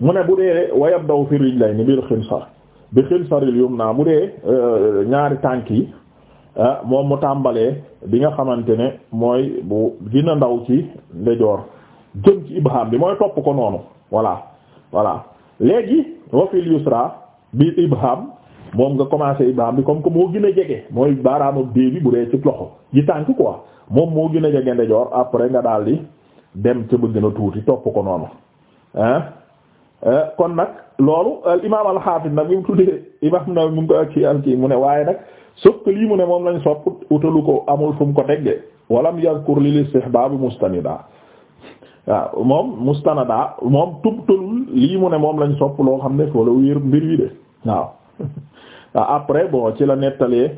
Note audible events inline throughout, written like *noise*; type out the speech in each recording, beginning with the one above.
mu ne bu dee wayab daw fi rijlayni bil xinsar bi xinsaril yumna bu dee euh, ñaari tànk yi ah, moom mu tàmbalee bi nga xamante ne mooy bu gën a ndaw ci ndejoor jëm ci ibham bi mooy topp ko noonu voilà voilà léegi wa fil yusra bi ibham moom nga commencé ibham bi comme que moo gën a jege mooy baaraamam dée bi bu dee ci loxo ji tànk quoi moom moo gën a jege ndejoor après nga daal di dem ca ba gën tuuti topp ko noonu ah Eh, kon nag loolu al eh, imaam al xaafis nag bi mu tuddee imaam Nawawi mu ngi ko ci al kii mu ne waaye nag sokk lii mu ne moom lañ sopp utalu ko amul fu mu ko teggee walam yazkur lil istihbaab mustanida waaw moom mustanada moom tubtalul lii mu ne moom lañ sopp loo xam ne wala wéer mbir wi de waaw *laughs* ah, après bon ci la nettalee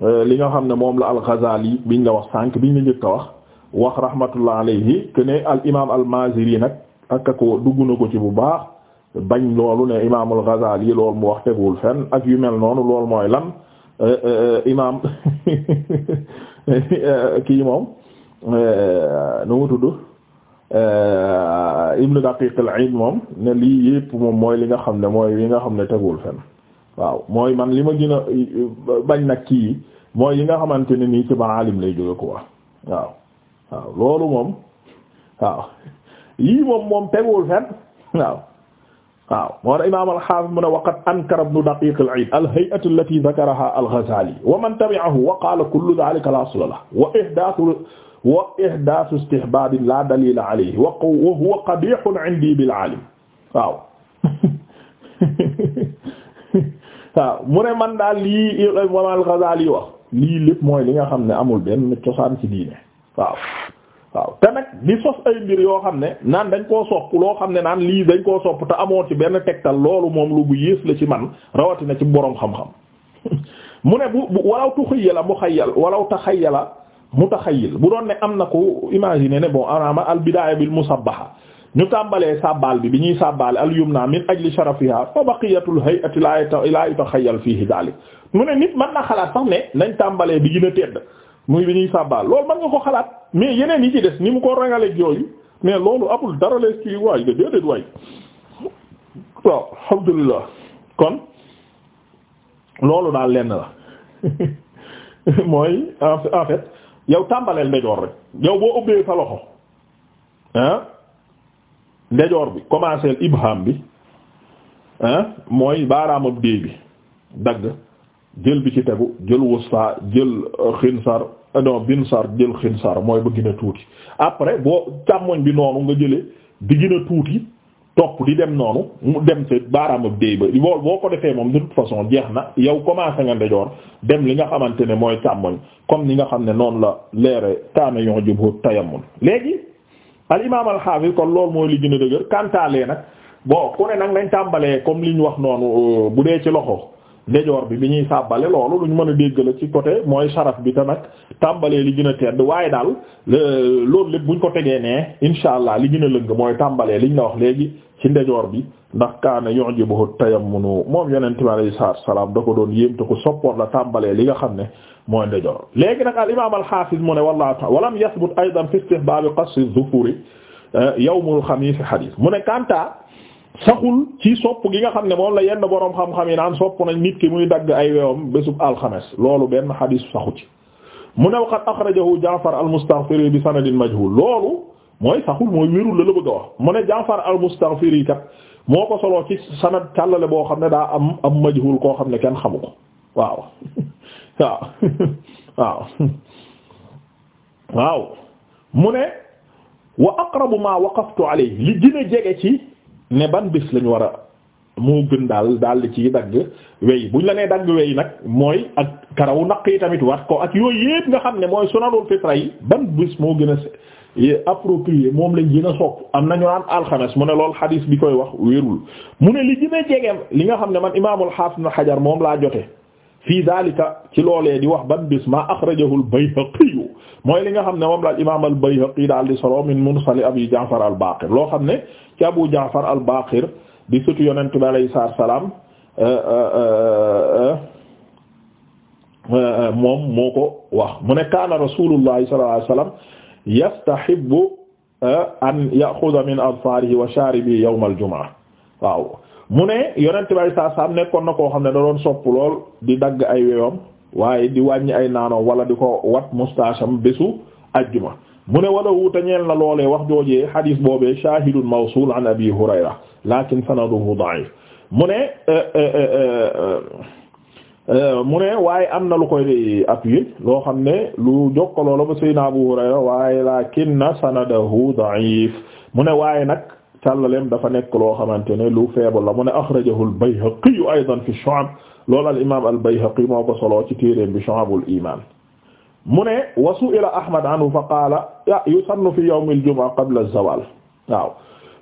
eh, li nga xam ne moom la al-Ghazali biñ la wax sànq biñ la njëkk a wax wax rahmatullah alayhi que ne al imaam al-Maziri nag. ak ko dugg na ko ci bu baax bañ loolu ne imaamul Ghazali yi mu wax teguwul fenn ak yu mel noonu loolu mooy lan eh, eh, eh, imaam *laughs* kii moom nu mu tudd Ibn Daqiq al moom ne lii yëpp moom mooy li nga xam ne mooy li nga xam ne teguwul fenn waaw mooy man li ma gin a bañ nag kii mooy yi nga xamante ne nii ci maalim lay jóge quoi waaw waaw loolu moom waaw. lii moom moom teguwul fenn waaw waaw moo tax imaam al-Haafiz mu ne waqad ankara ibnu Daqiiq al-Iid al-hay'ata allatii dakarahaa al-Ghazaali wa man tabi'ahu wa qaala kullu dhaalika laa asla lahu wa ihdaasu wa ihdaasu istihbaabin laa daliila alayhi wa huwa qadiihun 'indii bil-'aalim waaw *laughs* waaw mu ne man daal lii imaam al-Ghazaali wax lii lépp mooy li nga xam ne amul benn cosaan ci diine waaw waaw di sos ay mbir yoo xam ne naan dañ koo sopp loo xam ne naan lii dañ koo sopp te amoo ci benn tegtal loolu moom lu bu yées la ci man rawatina ci boroom xam-xam *laughs* mu ne bu bu walaw tuxayyala mu xayyal walaw taxayyala mu taxayyil bu doon ne am na ko imaginer ne bon anaama al bidaaya bil musabbaha ñu tàmbalee sàbbaal bi bi ñuy sàbbaale al yumna min ajli sharafiha fa baqiyatul hay'ati laa yutaxayyal fiihi daalik mu ne nit mën na xalaat sax ne nañ tàmbalee bi gën a tedd muy bi ñuy sàbbaal loolu mën nga ko xalaat mais yeneen yi ci des ni mu ko rangaleeg yooyu mais loolu amul dara lees ci waay da déedéet waay waaw alhamdulillah kon loolu daal lenn la *laughs* mooy en en fait yow tàmbaleel ndejoor rek yow boo ubbee sa loxo ah ndejoor bi commencé ibham bi ah mooy baaraamab déy bi dagg jël bi ci tegu jël wusta jël euh, xinsar euh, non binsar jël xinsar mooy ba gën tuuti après boo càmmoñ bi noonu nga jëlee di gën a tuuti topp di dem noonu mu dem sa baaraamab déy ba loolu boo ko defee moom de toute façon jeex na yow commencé nga ndejoor dem li nga xamante ne mooy càmmoñ comme ni nga xam ne noonu la leere kaana yon jubóo tayammul léegi al imam al hafiz kon loolu mooy li gën a dëgër kantalee nag boo ku ne nag lañ tàmbalee comme li ñu wax noonu euh, bu dee ci loxo ndejoor bi bi ñuy sàbbale loolu lu ñu mën a dégg la ci côté mooy saraf bi te nag tàmbalee li gën a tedd waaye daal loolu lépp buñ ko tegee nee insha allah li gën a lëng mooy tàmbalee liñ la wax léegi ci ndejoor bi ndax kaana yu'jibuhu tayammunu moom yonent bi alayhi salaam da ko doon yéem te ko soppoon la tàmbalee li nga xam ne mooy ndejoor léegi nag al imaam al xaafis mu ne wallaahu walam yasbut aydan fi istihbaab qasri dhufuri eh, yawmul xamiis hadith mu ne kanta saxul ci sopp gi nga xam ne moom la yenn boroom xam-xam yi naan sopp nañ nit ki muy dagg ay wewam bésub alxames loolu benn xadiis saxu ci mu ne waqad axrajahu Jaafar al bi sanadin majhul loolu mooy saxul mooy wérul la la bëgg a wax mu ne Jaafar al-Mustaghfiri kat moo ko soloo ci sanad càllale boo xam ne daa am am majhul koo xam ne kenn xamu ko waaw *laughs* waaw *laughs* waaw waaw mu ne wa aqrabu ma waqaftu alayhi li gën a jege ci ne ban bés lañu war a moo gën daal daal di ci dagg wey buñ la nee dagg wey nag mooy ak karawu naq yi tamit wat ko ak yooyu yépp nga xam ne mooy sunanul fitra yi ban bés moo gën a approprié moom lañ gën a sopp am nañu naan alxames mu ne lool xadiis bi koy wax wérul mu ne li gën a jegeem li nga xam ne man imaamul xaafis na xajar moom laa jote fii daalika ci loolee di wax ban bés maa axrajahu al-Bayhaqi mooy li nga xam ne moom la imaam al-Bayhaqi daal di solo min mursal Abi Ja'far al-Baqir loo xam ne ci Abu Ja'far al-Baqir di sëtu Yonent bi alayhi salaam euh, euh, euh, moom moo ko wax mu ne kaana Rasuulullahi sallallahu alayhi wasallam an ya'khudha min adfaarihi wa shaaribihi yawm al-jumu'a waaw mu ne Yonent bi alayhi salaam nekkoon na ko xam ne da doon sopp lool di dagg ay weewam waaye di wàññi ay naanoom wala di ko wat mustaasham bésu ajjuma mu ne wala wuute ñeel na loolee wax joojee xadis boobee shahidun mawsul an abi hurayra lakin sanaduhu da'if mu ne eh, eh, eh, mu waaye am na lu koy appuyer loo xam ne lu jokkaloo la ba sayna abu hurayra waaye lakinna sanadahu da'if mu ne waaye nag càllalem dafa nekk loo xamante ne lu faible la mu ne akhrajahu al aydan fi shu'ab loolu al imaam al Bayhaqi moo ko ci téereem bi Shu'abul Iman mu ne wasu su'ila Ahmad anhu fa qaala yusannu fi yawmil jumu'a qabla az waaw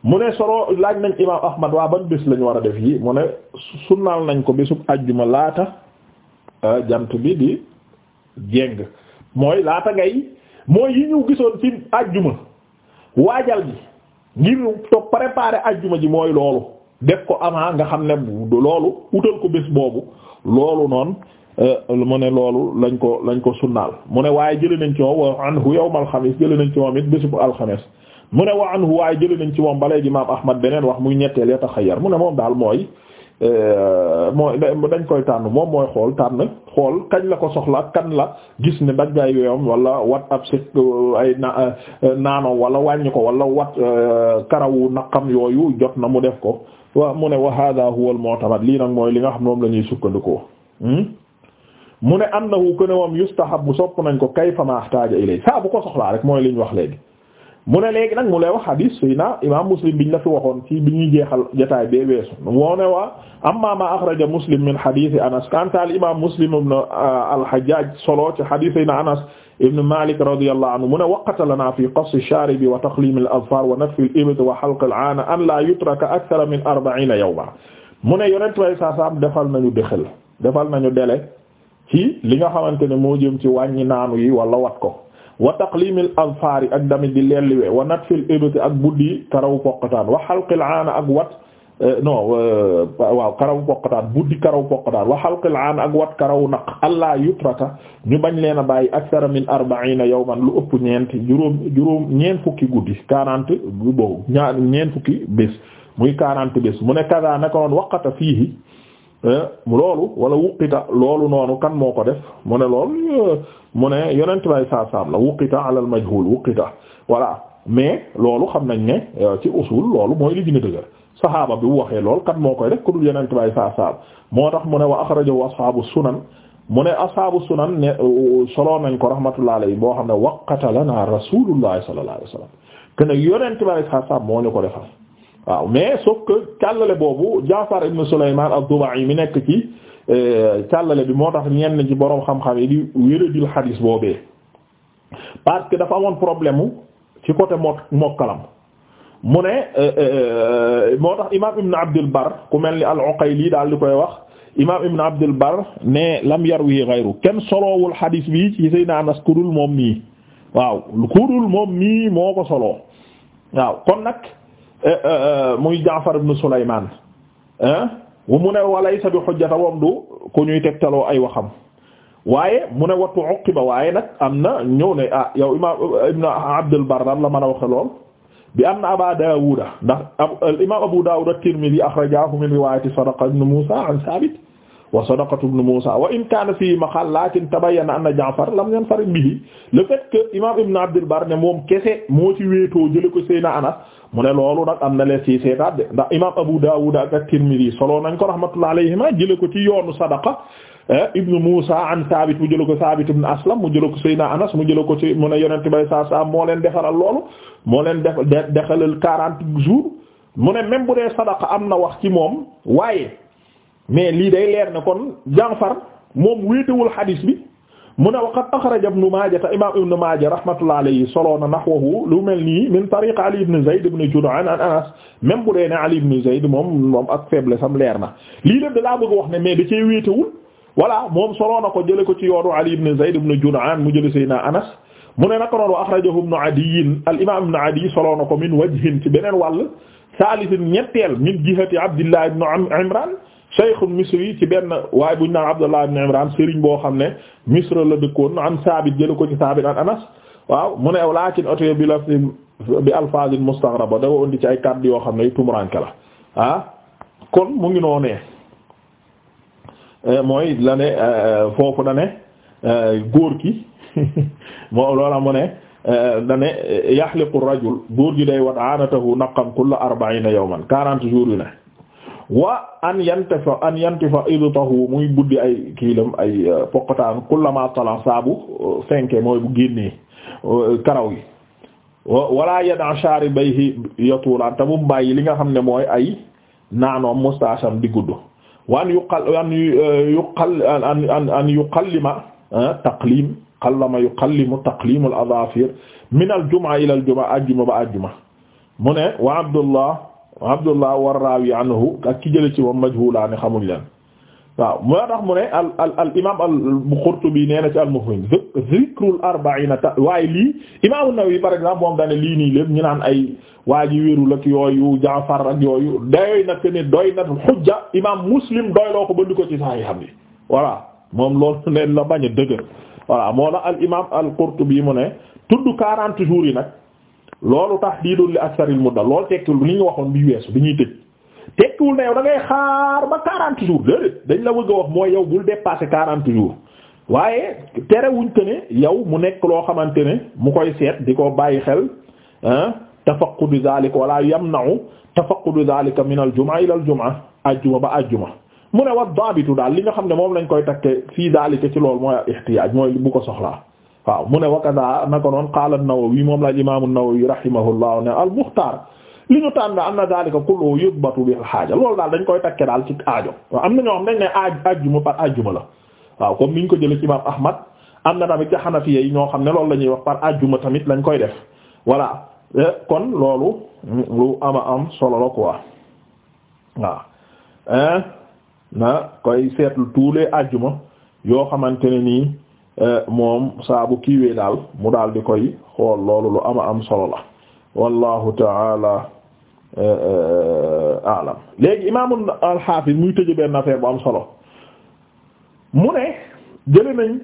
mu ne solo laaj nañ imaam Ahmad waa ban bés lañ war a def yi mu ne sunnaal nañ ko bésub àjjuma laata euh, jant bi di jéng mooy laata ngay mooy yi ñu gisoon ci àjjuma waajal gi ngir to préparer àjjuma ji mooy loolu def ko avant nga xam ne loolu utal ko bés boobu loolu noonu euh, mu ne loolu lañ ko lañ ko sunnaal mu ne waaye jëlee nañ ci moom wa anhu yawmal xamis jëlee nañ ci moom it bés bu alxames mu ne wa anhu waaye jëlee nañ ci moom ba léegi imaam Ahmad beneen wax muy ñetteel ya yar mu ne moom daal mooy. mooy dañ koy tànn moom mooy xool tànn xool kañ la ko soxla ak kan la gis ne daggaay yooyam wala wat ab si uh, ay na uh, wala wàññi ko wala wat uh, karawu naqam yooyu jot na mu def ko wa mu ne wa hadha huwa al mu'tamad lii nag mooy li nga xam moom la ñuy sukkandikoo hmm? mu ne annahu kuene moom bu sopp nañ ko kayfa ma ihtaja ilay saa bu ko soxlaa rek mooy liñ wax léegi mu ne léegi nag mu lay wax hadis sayna imam muslim biñ la fi waxoon ci bi ñuy jeexal jotaay bee weesu moo ne waa amma ma axraja muslim min hadith anas kanta al imam muslim ibn uh, al-hajjaj solo ci hadith sayna anas ibn malik radiyallahu anhu mu ne waqata lana fi qass ash-sharibi wa taqlim al-azfar wa nafy al-ibt wa halq al-aana an la yutraka akthara min arba'ina yawma mu ne yonent way saa saam defal nañu dëxal defal nañu délai ci li nga xamante ne moo jëm ci wàññi naanu yi wala wat ko wa taqlimil azfaari ak damit di lelliwe wa natfil ibti ak buddi karaw poqataan wa xalqil aana ak wat eh, non eh, waaw karaw poqataan buddi karaw poqataan wa xalqil aana ak wat karaw naq allah yutraka ñu bañ leen a bàyyi akthara min arbaina yawman lu ëpp ñeenti juróom juróom ñeent fukki guddi quarante boobu ñaar ñeent fukki bés muy quarante bés mu ne kada naka noon waqata fiihi eh, loolu wala wuqita loolu noonu kan moo ko def mu ne lool mu ne yonent bay saasaam la wuqita alal mais loolu xam nañ ne euh, ci usul loolu mooy li gën a dëgër saxaaba bi mu waxee lool kat moo koy rek ku dul yonent bay moo tax mu ne wa axrajahu ashaabu sunan mu ne ashaabu sunan ne euh, solo nañ ko rahmatullahi alayhi moo xam ne waqata lana rasulullahi sallallahu alayhi wasallam que ne yonent bay saasaam moo ñu ko defal waaw mais sauf que kàllale boobu Jaafar ibn Sulaymaan ad-Duba'i mi nekk ci. Euh, càllale bi moo tax ñenn ci boroom xam-xam yi di wéradil xadiis boobee parce que dafa amoon problème ci côté mot mokkalam mu ne euh, euh, moo tax imaam Ibn Abdul Bar ku mel ni al-Uqayli daal di koy wax imaam Ibn Abdul Bar ne lam yarwi ghayru kenn solowul xadiis bi ci Seydina Anas ku dul moom mii waaw ku dul moom mii moo ko soloo waaw kon nag muy Jaafar ibn Sulaymaan mu ne walaysa bi xujjata wam du ku ñuy tegtaloo ay waxam waaye mu ne wattu uqiba waaye nag am na ñëw ne ah yow imam ibn Abdul Barr la mën a waxe lool bi am na Aba Daawuda ndax imam Abu Daawuda at-Tirmidhi akhrajahu min riwayati Sadaqa ibn Musa an Thabit wa Sadaqatu ibn Musa wa in kaana fii maqal lakin tabayyana anna Ja'far lam yanfarid bihi le fait que imam ibn Abdul Barr ne moom kese moo ci wéetoo jële ko Seyna Anas mu ne loolu nag am na lees yi seetaat de ndax imam Abu Dawud ak at-Tirmidhi solo nañ ko rahmatullah alayhima jële ko ci yoonu sadaqa eh, ibnu Musa an Thabit mu jële ko Thabit ibn Aslam mu jële ko Seydina Anas mu jële ko ci mu ne yonente bay saa saa moo leen defaral loolu moo leen de dexalal quarante jours mu ne même bu dee sadaqa am na wax ci moom waaye mais lii day leer ne kon Ja'far moom wéetewul hadis bi mu ne waqad axraja ibnu Maaja te imaam ibnu Maaja rahmatullahi alayhi solo na nahwahu lu mel nii min tariq Ali ibn Zayd ibn Jud'aan an Anas même bu dee ne Ali ibn Zayd moom moom ak faible sam leer na lii lépp da laa bëgg wax ne mais da cee wéetewul voilà moom solo na ko jëlee ko ci yoonu Ali ibn Zayd ibn Jud'aan mu jëlee Seydina Anas mu ne naka noonu wa axrajahu ibnu Adiy al imaam ibnu Adiy solo na ko min wajhin ci beneen wàll saalisin ñetteel min jihati Abdullah ibn Imraan shaykhun misri ci benn waaye buñ naan Abdullah ibn Imran sëriñ boo xam ne Misra la dëkkoon an Saabit jël ko ci Saabit an Anas waaw mu ne laakin oto bi la bi alfaazin mustaghraba dafa indi ci ay kàddu yoo xam ne tumuranke la ah kon mu ngi noonee eh, mooy la ne eh, eh, foofu da ne góor ki *laughs* moo loola mu ne da ne yaxliqu rajul góor gi day wat aanatahu naqan kulla arbaina yawman quarante jours yu ne wa an yantafa an yantafa idtahu muy buddi ay kiilam ay euh, poqataan kullama tala saabu euh, fenke mooy bu génnee euh, karaw yi wala yada sharibayhi yatulan te mu bàyyi li nga xam ne mooy ay naanoom mustaasam di gudd wa an yuqal an yuqal an an yuqallima taqlim qallama yuqallimu taqlimu al adafir min al jumu'a ila al jumu'a ajjuma ba ajjuma mu ne wa abdullah Abdullah war raawi anhu ak ki jële ci moom majhulaani xamuñ leen waaw moo tax mu ne al al al imaam al Qurtubi nee na ci al waaye lii imaam an-Nawawi par exemple moom daane lii nii lépp ñu naan ay waa ji wérul ak yooyu Jaafar ak yooyu doy na que ne doy na xujja imaam ko ba di ko ci saxiixam yi voilà moom loolu neen la bañ a dëgër voilà moo la al imaam al Qurtubi mu ne tudd 40 jours yi nag. loolu tahdiidul li aksaril mudda loolu tekkiwul li ñu waxoon bi weesu bi ñuy tëj tekkiwul na yow da ngay xaar ba 40 jours déedéet dañ la wëgg a wax mooy yow bul dépasser 40 jours waaye terewuñ ko ne yow mu nekk loo xamante ne mu koy seet di ko bàyyi xel ah tafaqqudu zaalika wala yamna'u tafaqqudu zaalika min al-jumu'a ila al-jumu'a ajjuma ba ajjuma mu ne wa daabitu daal li nga xam ne moom lañ koy takke fii zaalika ci loolu mooy ihtiyaaj mooy bu ko soxlaa. waaw mu ne wakada nako noon qaala an-Nawawi moom la imaamu an-Nawawi rahimahullah ne al-Mukhtaar li ñu tànn am na daal kullu yutbatu bil haaja loolu daal dañ koy takke daal ci aajo waaw am na ñoo xam dañ ne aaj ajjuma par ajjuma la waaw comme niñ ko jëlee ci imaam Ahmad am na tamit ci ñoo xam ne lool la ñuy wax par ajjuma tamit lañ koy def voilà e kon loolu lu ama am solo la quoi waaw e na koy seetlu tous les ajjuma yoo xamante ne nii Euh, moom saabu kiiwee daal mu daal di koy xool loolu lu ama am solo la wallahu taala euh, euh, alam léegi imaamul alxaafis muy tëj benn affaire bu am solo mu ne jëli nañ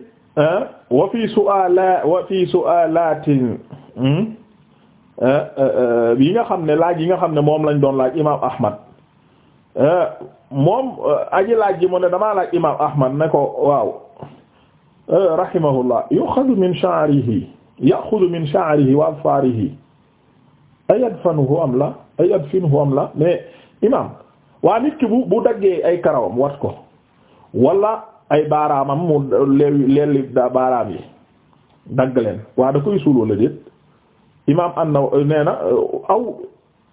wa fi su'ala wa fi su'alatin hmm, yi nga xam ne laaj yi nga xam ne moom lañ doon laaj imaam Ahmad moom aji laaj ji mu ne damaa laaj imaam Ahmad ne ko waaw rahimahullah yuxadu min sha'rihi yaxudu min sha'rihi wa adfaarihi ayadfanuhu am la ayadfinuhu am la mais imam waa nit ki bu bu daggee ay karawam wat ko wala ay baaraamam mu leew leelli da baaraam yi dagg leen waa da koy suul wala déet imam An-Nawawi euh, nee na euh, aw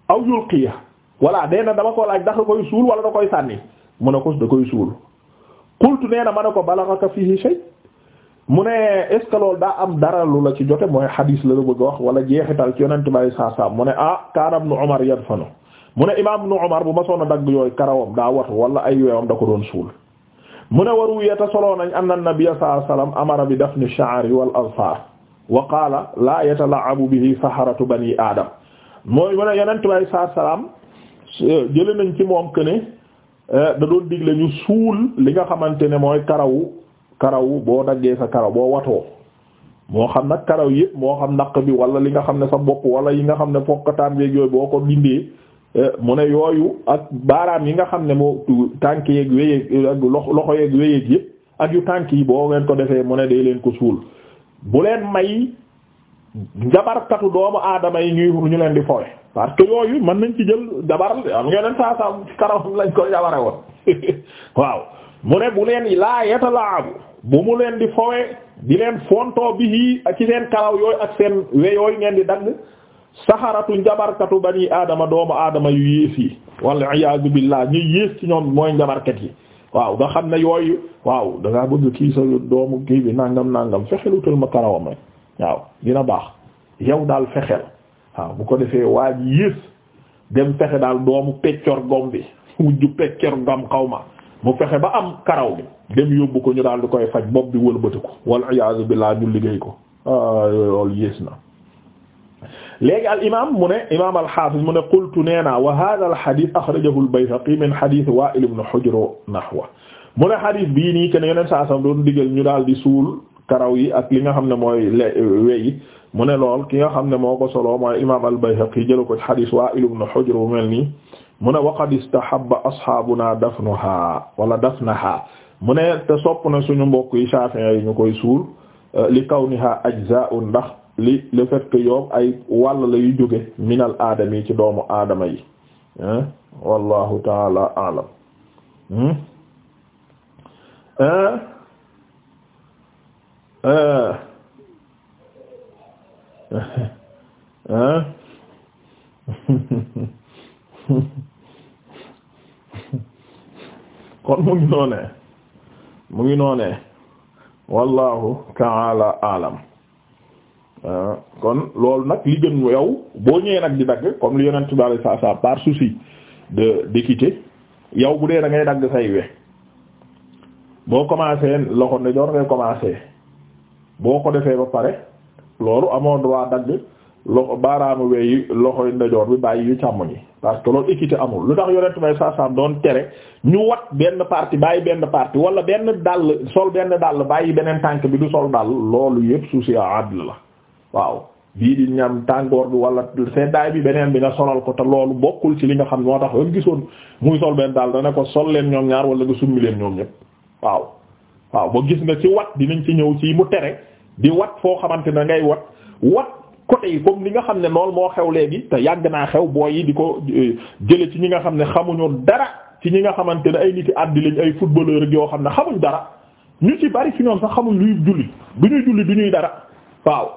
aw yulqiya walla nee na dama ko laaj ndax da koy suul wala da koy sànni mu ne ko da koy suul qultu nee na ma ne ko balaghaka fihi shay mu ne est daa am dara lu la ci jote mooy xadiis la la bëgg wax wala jeexital ci yonent bay saa saa mu ne ah kaana ibnu Umar yadfanu mu ne imaam ibnu Umar bu ma soon a dagg yooyu karawam daa watu wala ay weewam da ko doon suul mu ne waru yeta soloo nañ anna nabiyya sallallahu alayhi wasallam amara bi dafni sha'ri wal azfar wa qaala laa yatala'abu bihi saharatu bani aadam mooy mu ne yonent bay saa salaam euh, jële nañ ci moom que ne euh, da doon digle ñu suul li nga xamante ne mooy karawu karaw boo daggee sa karaw boo watoo moo xam nag karaw yëpp moo xam naq bi wala li nga xam ne sa bopp wala yi nga xam ne fokkataan beeg yooyu boo ko dindee eh, mu ne yooyu ak baaraam yi nga xam ne moo tànk yeeg wéyeeg ak loxo yeeg wéyeeg yëpp ak yu tànk yi boo ngeen ko defee ne dee leen ko suul bu leen may njabarkatu doomu aadama yi ñuy ñu leen di fowe parce que mën nañ ci jël jabar am ngeen saa saa karawam lañ ko jabare woon *laughs* waaw mu ne bu leen laa yatalaabu bu mu leen di fowe di leen fontoo bi ci seen karaw yooyu ak seen we yooyu ngeen di dagg saxaratu njabarkatu bani aadama doomu aadama yu yées yi walla iyaazu billaah ñu yées ci ñoom mooy njabarkat yi waaw nga xam ne yooyu waaw dangaa bëgg kii doomu kii bi nangam nangam fexelutal ma karawam rek waaw dina baax yow daal fexel waaw bu ko defee waa ji yées dem fexe daal doomu peccor gom bi wujju *laughs* peccor gom xaw ma mu fexe ba am karaw bi dem yóbbu ko ñu daal di koy faj bopp bi wëlbati ko wal iyaazu billaah ñu liggéey ko ah loolu na. léegi al imaam mu ne imaam al xaafis mu ne qultu nee naa wa haaza al xadiis axrajahu al bayhaqi min xadiis waa'il ibn hujr nahwa mu ne xadiis bii nii kenn yeneen saa sam doon digal ñu daal di suul karaw yi ak li nga xam ne mooy weyi mu ne lool ki nga xam ne moo ko solo mooy imaam al bayhaqi jël ko ci xadiis waa'il ibn hujr bu mel nii. mu ne waqad istahabba ashaabuna dafnuha wala dafnaha mu ne te sopp na suñu mbokk yi Shafi'i yi ñu koy suul euh, li kawniha ajza'un ndax li le fait que ay wàll la jóge minal aadama ci doomu aadama yi wallahu taala alam hmm, *laughs* kon mu ngi noonee mu ngi noonee wallahu ta'ala alam ah, kon loolu nag li gën yow boo ñëwee nag di dagg comme li yonent bi alayhi sa par souci de d'équité yow bu dee da ngay dagg say we boo commencé loxo ne joor ngay commencé boo ko defee ba pare loolu amoo droit dagg loxo baaraamu weeyi loxoy ndajoor bi bàyyi yu càmmoñ yi parce que loolu équité amul lu tax yonent may saasaam doon tere ñu wat benn partie bàyyi benn partie wala benn dàll sol benn dàll bàyyi beneen tànk bi du sol dàll loolu yëpp souci adl la waaw di ñam tàngoor bi wala seddaay bi beneen bi nga solal ko te loolu bokkul ci li nga xam moo tax ba gisoon muy sol benn dàll dana ko sol leen ñoom ñaar wala nga summi leen ñoom ñëpp waaw. waaw ba gis nga ci wat dinañ ci ñëw ci mu tere di wat foo xamante ne ngay wat wat. côté yi comme li nga xam ne lool moo xew léegi te yàgg naa xew booy yi di ko euh, jële ci ñi nga xam ne xamuñu dara ci ñi nga xamante ne ay niti àddi lañ ay footballeur yoo xam ne xamuñ dara ñu ci bari ci ñoom sax xamuñ luy julli du ñuy julli du ñuy dara waaw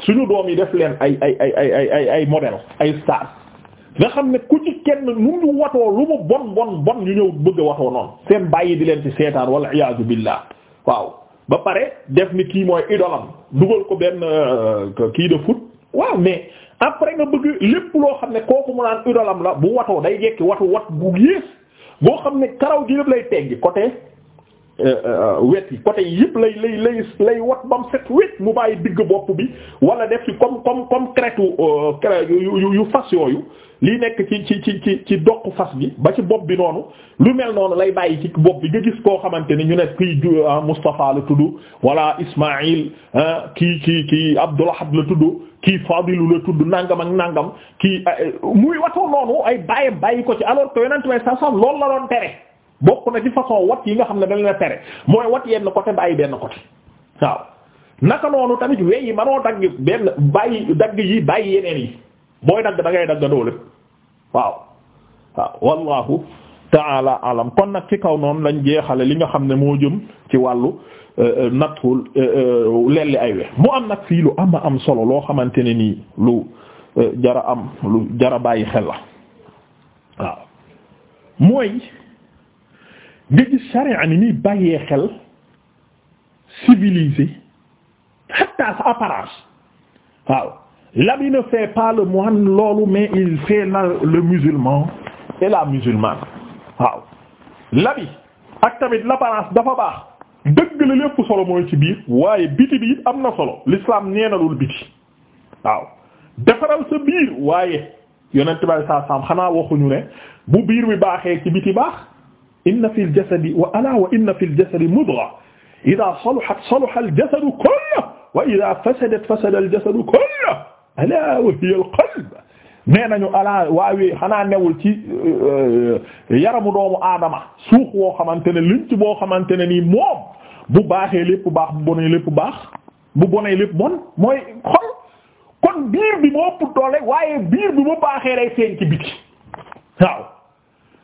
suñu doom yi def leen ay ay ay ay ay ay modèle ay stars nga xam ne ku ci kenn nu mu watoo lu mu bon bon bon ñu ñëw bëgg a watoo noonu seen bàyyi di leen ci seetaan wala iyaazu billah waaw ba pare def ni kii mooy idolam dugal ko benn euh, kii de foot waaw mais après nga bëgg lépp loo xam ne kooku mu naan idolam la bu watoo day jekki watu wat bu yées boo xam ne karaw gi yëpp lay teggi côté euh, euh, wet yi côté yi yëpp lay lay lay lay wat bam set wet mu bàyyi digg bopp bi wala def ci comme comme comme crête yu yu fas yooyu lii nekk ci ci ci ci ci doq fas gi ba ci bopp bi noonu lu mel noonu lay bàyyi ci bopp bi nga gis koo xamante ni ñu ne kii ah, Moustapha la tudd wala Ismaïl ah, kii kii kii Abdoulahab la tudd kii Fadilu la tudd nangam ak nangam kii ah, eh, muy watoo noonu ay bàyyam bàyyi ko ci alors que yonent way sa sam loolu la doon tere bokk na ci façon wat yi nga xam ne dañ la tere mooy wat yenn côté bàyyi benn côté waaw naka noonu tamit wey yi manoo dagg benn bàyyi dagg yi bàyyi yi booy dagg da ngay dagg doole waaw waaw wallahu ta'ala alam kon nag ci kaw noonu lañ jeexale li nga xam ne moo jëm ci wàllu euh, euh, nag euh, lelli ay we mu am nag fii lu ama am solo loo xamante ne nii lu jara am lu jara bàyyi xel la waaw mooy nga gis ni muy bàyyee xel civilisé hatta sa apparence waaw l'habit ne fait pas le moine loolu mais il fait la le musulman et la musulmane waaw l'habit ak tamit l'apparence dafa baax dëgg la lépp solo ci biir waaye biti bi am na solo l'islam neenalul biti waaw defaral sa biir waaye yonent bi saa saam xanaa waxuñu ne bu biir bi baaxee ci biti baax inna fil jasadi wa ala wa inna fil jasadi mudgha idha salahat salaha al jasadu kulluhu wa idha fasadat fasada al jasadu kulluhu alaa wa hiya al nañu alaa waawe xanaa newul ci euh, yaramu doomu aadama xamante ne boo xamante ne nii moom bu baaxee lépp baax bu bonee lépp baax bu bonee lépp bon bi moo waaye biir bu baaxee lay feeñ ci biti waaw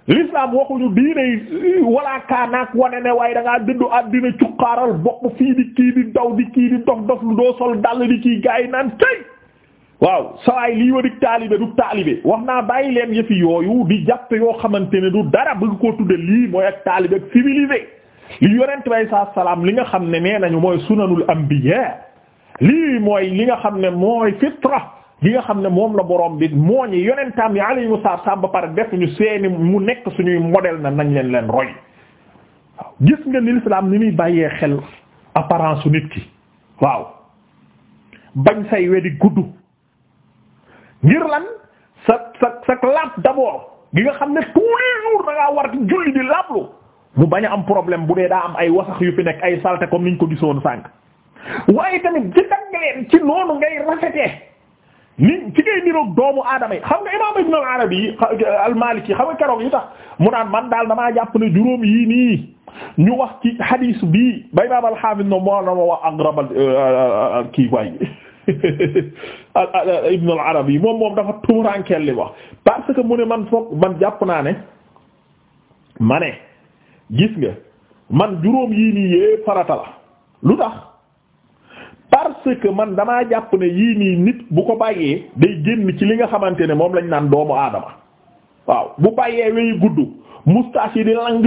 l'islam waxuñu diiney walla kaanaak wane ne waaye da ngaa àddina cuqaaral bopp fii di kii di daw di kii di dof dof lu doo sol dàll di kii gaa yi naan tey waaw sawaay lii wa dig taalibe du taalibe wax naa bàyyi leen yëfi yooyu di jàpp yoo xamante ne du dara bëgg koo tudde lii mooy ak taalibe ak civilisé li yonent bi alay saa salaam li nga xam ne nee nañu mooy sunanul anbiya lii mooy li nga xam ne mooy fitra li nga xam ne moom la borom bi moo ñi yonentaam yi alayhimu salaam ba pare def ñu seeni mu nekk suñuy modèle na nañ leen leen roy waaw gis nga ni lislaam ni muy bàyyee xel apparence su nit ki waaw bañ say wedi gudd ngir lan sa sa sa laab d'abord gi nga xam ne tous les jours da ngaa war di julli di laablu mu bañ am problème bu dee daa am ay wasax yu fi nekk ay saleté comme niñ ko gisoon sànq waaye tamit ci taggaleen ci noonu ngay rafetee ni ci ngay niroog doomu aadama yi xam nga imam ibn al yi al-Maliki xam nga keroog yi tax mu naan man daal damaa jàpp ne juróom yii nii ñu wax ci hadis bii bay baab al-Hafiz no moo na ma wax agrabal euh, euh, euh, kii waay Ibn *laughs* al yi moom moom dafa tuuraankeel li wax parce que mu ne man foog man jàpp naa ne ma gis nga man juróom yii nii yépp farata la lu tax parce que man damaa jàpp ne yii nii nit bu ko bàyyee day génn ci li nga xamante ne moom lañ naan doomu aadama waaw bu bàyyee weyu gudd moustache yi di lang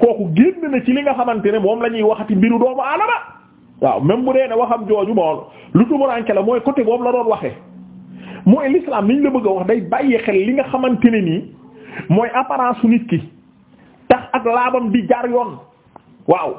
kooku génn ci li nga xamante ne moom la ñuy waxati mbiru doomu aadama waaw même bu dee ne waxam jooju moom lu tumuranke la mooy côté boobu la doon waxee mooy l'islam niñ la bëgg a wax day bàyyi xel li nga xamante ne nii mooy apparence su nit ki tax ak laabam di jaar yoon waaw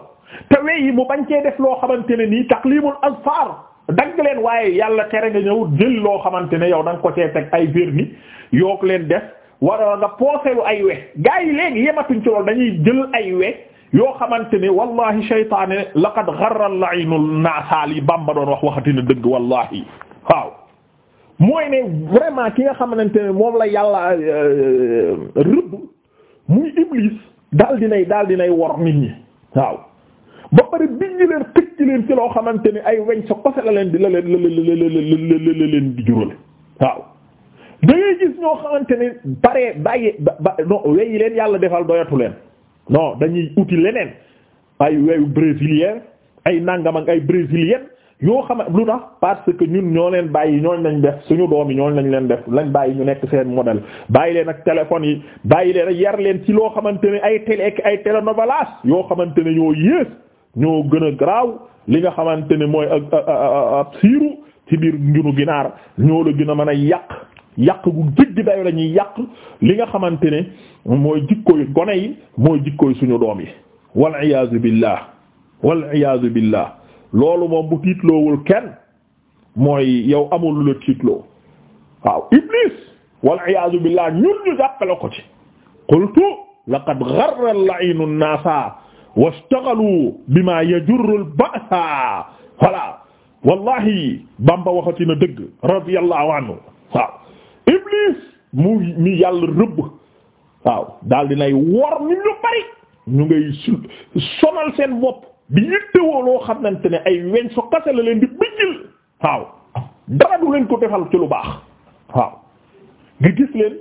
te wey yi mu bañ cee def loo xamante ne nii taqlimul asfar dagg leen waaye yàlla tere nga ñëw jël loo xamante ne yow da nga ko cee teg ay vernis yook leen def wara nga pooseelu ay we gaa yi léegi yematuñ ci loolu dañuy jël ay we yoo xamante ne wallahi shaytaane laqad gharra la'inu naasaal yi bamba doon wax waxati na dëgg wallahi waaw mooy ne vraiment ki nga xamante ne moom la yàlla euh, rëbb muy iblis daal dinay daal dinay wor nit ñi waaw ba pare biñ leen xëcc leen ci loo xamante ne ay weñ sa kose la leen di la leen la leen di jural waaw da ngay gis ñoo xamante ne paree bàyyi ba ba non weyi leen yàlla defal doyatu leen non dañuy uti leneen ay weyu brésilien ay nangam ak ay brésilien yoo xam lu tax parce que ñoo leen bàyyi ñooñ lañ def suñu doom yi ñooñ lañ leen def lañ bàyyi ñu nekk seen modèle bàyyi leen ak téléphones yi bàyyi leen ak yar leen ci loo xamante ne ay télé ak ay télénovelas yoo xamante ne ñoo yées ñoo gën a garaaw li nga xamante ne mooy ak ab siiru ci biir ngiru ginaar ñoo la gën a mën a yàq yàq gu jéggi dayo la ñuy yàq li nga xamante ne mooy jikkoy gone yi mooy jikkoy suñu doom yi wal iyaazu billah wal iyaazu billah loolu moom bu tiitloowul kenn mooy yow amul lu la tiitloo iblis wal iyaazu billah ñun ñu jàppale ko qultu laqad gharra al-la'inu bima yajurru al-ba'sa voilà wallahi bamba waxatina dëgg radiyallahu anhu iblis mu mi yàlla rëbb waaw daal dinay wor nit ñu bari ñu ngay sonal seen bopp bi yittewoo loo xamante ne ay weñ su kase la leen di bijjil waaw defal ci lu baax waaw gis leen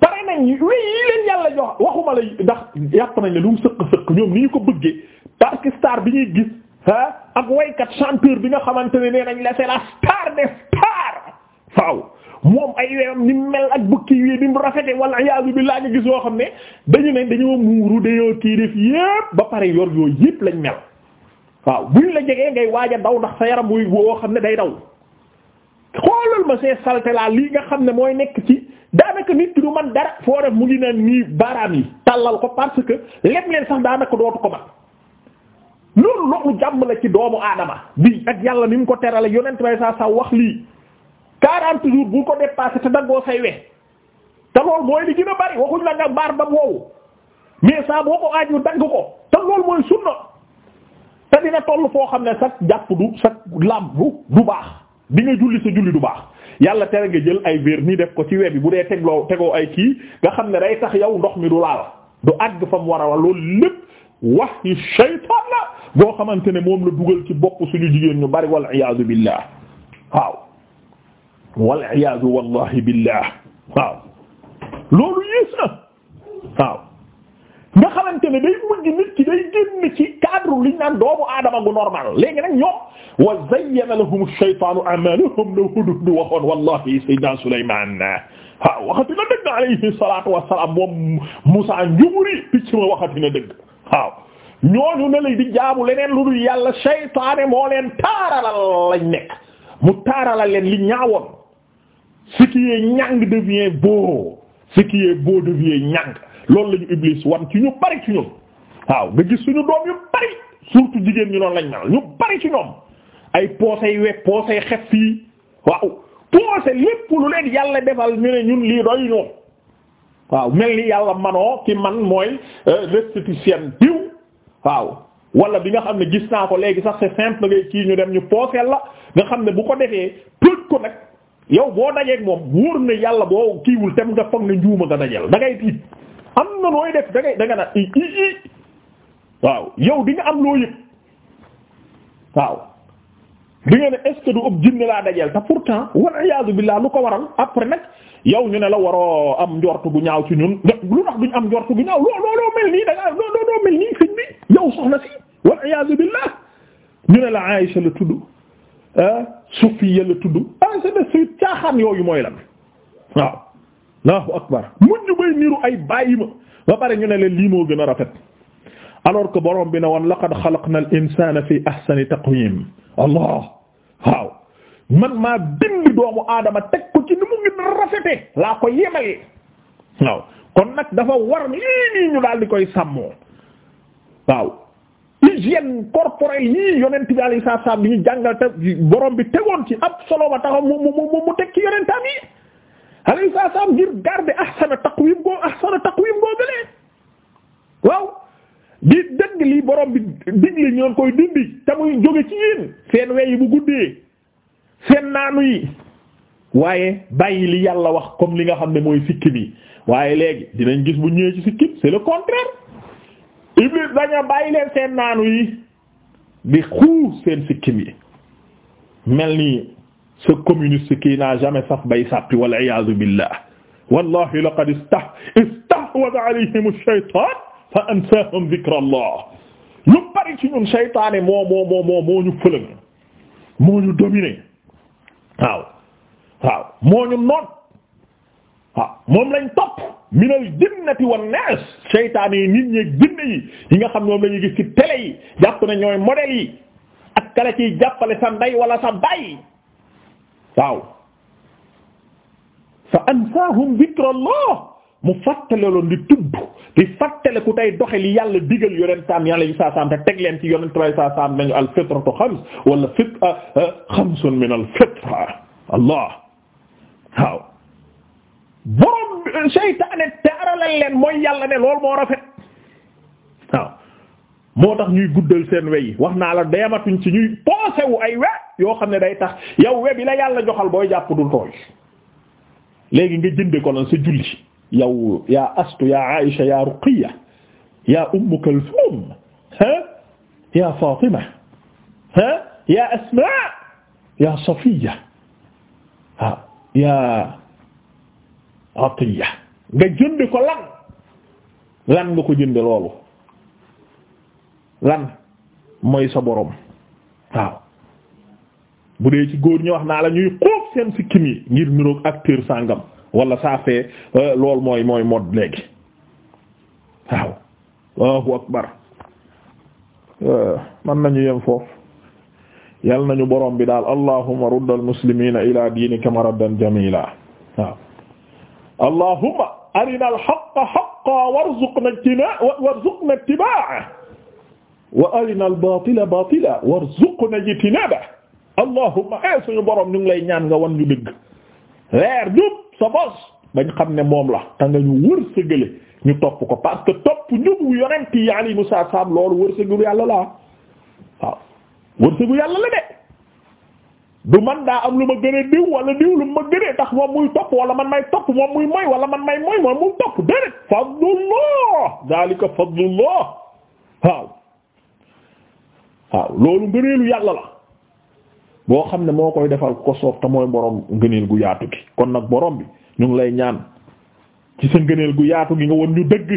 pare nañ wéy yi leen yàlla waxuma la ndax yàpp nañ ne lu sëq sëq ñoom ni ñu ko bëggee parce bi ñuy gis ah ak waykat chanteur bi nga xamante ne nee nañ la c'est la star des stars waaw moom ay weewam ni mel ak bukki yi ni mu rafete wala iyaazu laa nga gis yoo xam ne dañu ne dañoo muuru dañoo kii def yépp ba pare yor yooyu yépp lañ mel waaw buñ la jegee ngay waaja daw ndax sa yaram wuy woo xam ne day daw xoolal ma see salte laa lii nga xam ne mooy nekk ci daanaka nit ki du man dara foo def mu ngi naan nii baaraam yi tàllal ko parce que lem leen sax daanaka dootu ko man loolu loolu jàmm la ci doomu aadama bi ak yàlla ni mu ko terale yonent bay saa wax lii quarante jours bu ko dépassé te daggoo say we te loolu mooy li gën a bari waxuñ la nga baar ba boobu mais boo ko aaju dagg ko te loolu mooy sunna te dina toll foo xam ne sax jàpp du sax làmb du baax di nga julli sa julli du baax yàlla tere nga jël ay vernis def ko ci we bi bu dee tegloo tegoo ay kii nga xam ne day tax yow ndox mi du laal du àgg fa mu war a wa loolu lépp wax yi shaytaan la boo xamante ne moom la dugal ci bokk suñu jigéen ñu bari wal iyaadu billah waaw wal iyaadu wallahi billah waaw loolu yées na waaw nga xamante ne day mujj nit ki day ci cadre liñ naan doomu aadama gu normal léegi nag ñoom wa zayyana lahum a shaytaanu a'maalahum la hudud waxoon na dëgg alayhi salaatu wassalaam moom Musaa njumuri picc ma waxati na dëgg waaw ñooñu ne lay di jaamu leneen lu dul yàlla seytaane moo leen taaralal leen li ñaawoon ce qui est ñang devient beau ce qui est ñang loolu lañu ñu iblis wan ci ñu bari ci ñoom waaw nga gis suñu doom yu bari surtout jigéen ñu noonu lañ naan ñu bari ci ñoom ay yu we poosey xef fii waaw poose lépp lu leen yàlla defal ñu ne ñun lii doy ñoo waaw mel ni yàlla manoo ki man mooy euh, restitution diw waaw walla bi nga xam ne gis naa ko léegi sax c'est simple ngay kii ñu dem ñu pooseel la nga xam ne bu ko defee pëj ko nag yow boo dajeeg moom wóor na yàlla boo kiiwul tem nga foog ne njuuma nga dajel da ngay tiit am na nooy def da danga da na i i waaw yow di am loo yëg waaw di ne est du ëpp jinne laa dajel te pourtant wal iyaadu billaah lu ko waral après nag yow ñu ne la waroo am njort bu ñaaw ci ñun lu tax duñ am njort bu ñaaw loo looloo mel nii da ngaa loo mel nii fiñ bi yow soxna si wal iyaadu billaah ñu ne la Aïcha la tudd Ah suufi yàlla tudd ah c'est de suite caaxaan yooyu mooy lan waaw allahu akbar mujj bay niru ay bàyyi ma ba ñu ne leen lii moo gën a rafet alors que boroom bi na woon laqad xalaqna al insana fi ahsani taqwim allah waaw man maa bind doomu aadama teg ko ci ni mu gën a rafete laa ko yemalee waaw kon nag dafa war lii nii ñu daal di koy sàmmoo aw hygiène corporelle yii yonent bi alayhi salaam bi ñu jàngal te borom bi tegoon ci ab solo ba taxaw mu mu mu mu teg ci yonentam yi alayhi ngir garder ahsana taqwim goo ahsana taqwim goo gënee waaw di dëgg li borom bi digle ñoon koy dindi te muy jóge ci yéen seen weyi bu guddee seen naanu yi waaye bàyyi li yàlla wax comme li nga xam ne mooy sikkim yi waaye léegi dinañ gis bu ñëwee ci sikkim c'est le contraire Iblis daña bàyyi leen seen naanu yi di xuus seen sikkim yi mel ni ce communiste qui n'a jamais sax bay sàppi wal iyaazu billah wallahi laqad istahwada alayhim ash-shaytan fa ansahum dhikra allah lu bari ci ñun seytaane moo moo moo moo moo ñu fëlëng moo ñu dominé waaw waaw moo ñu noon waaw moom lañ topp minal jinnati wan naas seytaane yi nit ñeeg jinne yi yi nga xam ñoom la ñuy gis ci télé yi jàpp na ñooy modèle yi ak kala ciy jàppale sa ndey wala sa baay waaw fa ansaahum dhikrallah mu fàttale loon di tudd di fàttale ku tey doxe li yàlla digal yonentam yàlla yu saa saam te teg leen ci yonentuwaay saa saam nañu al fitratu xams wala fit euh, euh, xamsun min al fitra allah waaw borom seytaane te aralal leen mooy yàlla ne loolu moo rafet moo tax ñuy guddal seen weyi wax naa la deematuñ ci ñuy poosé wu ay we yoo xam ne day tax yow we bi la yàlla joxal booy jàpp dul tooy léegi nga jënde ko lan sa julli yow yaa astu yaa aisha yaa ruqiya yaa ummu kalthum ha yaa fatima ha yaa asma yaa safiya ha atiya nga jënd ko lan lan nga ko jënde loolu lan mooy sa borom waaw bu dee ci góor ñi wax naa la ñuy xóof seen sikkim yi ngir niroog acteur sàngam wala saa fee euh, loolu mooy mooy mode léegi waaw Allahu akbar euh, man nañu yem foofu yal nañu borom bi daal allahumma ruddal muslimina ila diinika maradan jamila waaw allahumma arina alxaqa xaqa warzuqna ijtinaa warzuqna ittibaa'a wa arina albaatila baatila warzuqna ijtinaaba allahumma ay eh, suñu borom ñu ngi lay ñaan nga wan ñu dëgg leer jub sa bos bañ xam ne moom la ta nga ñu wërsëgale ñu topp ko parce que topp ñubu yonent yi alayhimu salaam loolu wërsëgu yàlla la waaw wërsëgu yàlla la de du man daa am lu ma gënee diw wala diw lu ma gënee tax moom muy topp wala man may topp moom muy moy wala man may moy moom muy topp déedéet fadlullah dalika fadlullah waaw waaw loolu ngëneelu yàlla la boo xam ne moo koy defal ko soof te mooy boroom ngëneel gu yaatu gi kon nag boroom bi ñu ngi lay ñaan ci sa ngëneel gu yaatu gi nga won ñu dëgg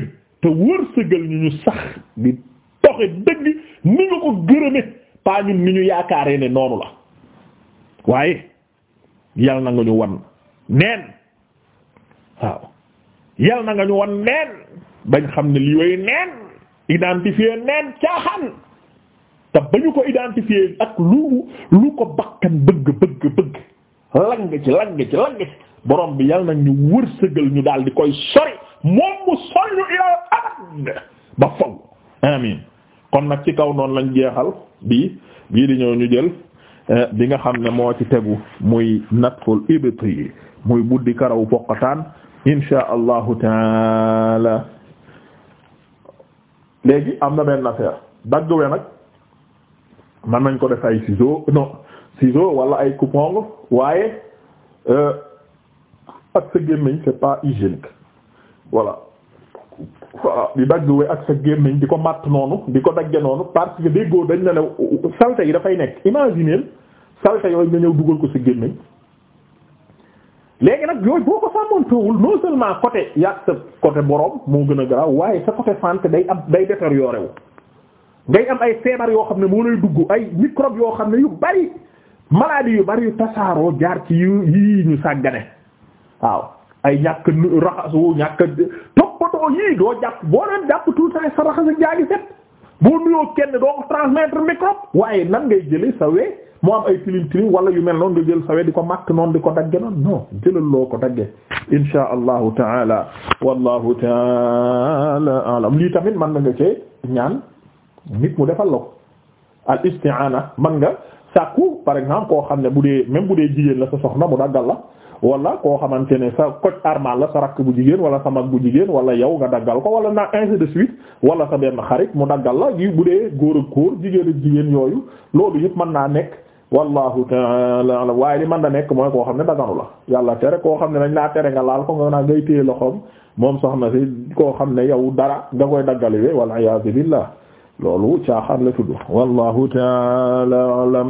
te wërsëgal ñu ñu sax di doxe dëgg ni nga ko gërëme paa ni ñu yaakaaree ne noonu la waaye yal na nga ñu wan neen waaw yal na nga ñu wan neen bañ xam ne lii way neen identifier neen caaxaan te ba ñu ko identifier ak lu lu ko bakkan bëgg bëgg bëgg lang ci lang ci lang ci borom bi yal na ñu wërsëgal ñu daal di koy sori moom mu sori ñu ilal abad ba faw amin kon nag ci kaw noonu lañ jeexal bii bii di ñëw ñu jël Eh, bi nga xam ne moo ci tegu muy natful yi muy buddi karaw poqataan insha allahu taala léegi am na benn affaire dagg we nag mën nañ ko def ay ciseaux non ciseaux wala ay coupe-ongles waaye eh, ak sa gémmiñ c'est pas hygiénique voilà di dagg we ak sa gémmiñ di ko matt noonu di ko dagge noonu parce que déggoo dañ ne ne saleté yi dafay nekk imaginer saleté yooyu nga ñëw dugal ko sa gémmiñ léegi nag yooyu boo ko sàmmantoowul non seulement côté yàq sa côté borom moo gën a garaaw waaye sa côté santé day am day détérioré wu ngay am ay feebar yoo xam ne moo lay dugg ay microbe yoo xam ne yu bari maladie yu bari yu tasaaroo jaar ci yu yi ñu sàggane waaw ay ñàkk raxasoo ñàkk toppatoo yii doo jàpp boo leen jàpp boo nuyoo kenn doo ko transmettre microbe waaye nan ngay jële sa wee moo am ay tilim tilim wala yu mel noonu nga jël sawe di ko màkk noonu di ko dagge noonu non jëlal loo ko dagge insha allahu taala wallahu taala alam lii tamit man na nga ci ñaan nit mu defal la ko al isti'ana man nga sàkku par exemple koo xam ne bu dee même bu dee jigéen la sa soxna mu daggal la wala koo xamante ne sa koc armal la sa rakk bu jigéen wala sa mag bu jigéen wala yow nga daggal ko wala na ainsi de suite wala sa benn xarit mu daggal la bu dee góor ak góor jigéen ak jigéen yooyu loolu yëpp mën naa nekk wallahu ta'ala alam waaye li mën na nekk mooy koo xam ne daganu la yàlla tere koo xam ne dañ laa tere nga laal ko nga naa ngay téye loxoom moom soxna si koo xam ne yow dara nga koy daggaliwe wal iyaazu billah loolu caaxaan la tudd wallahu ta'ala alam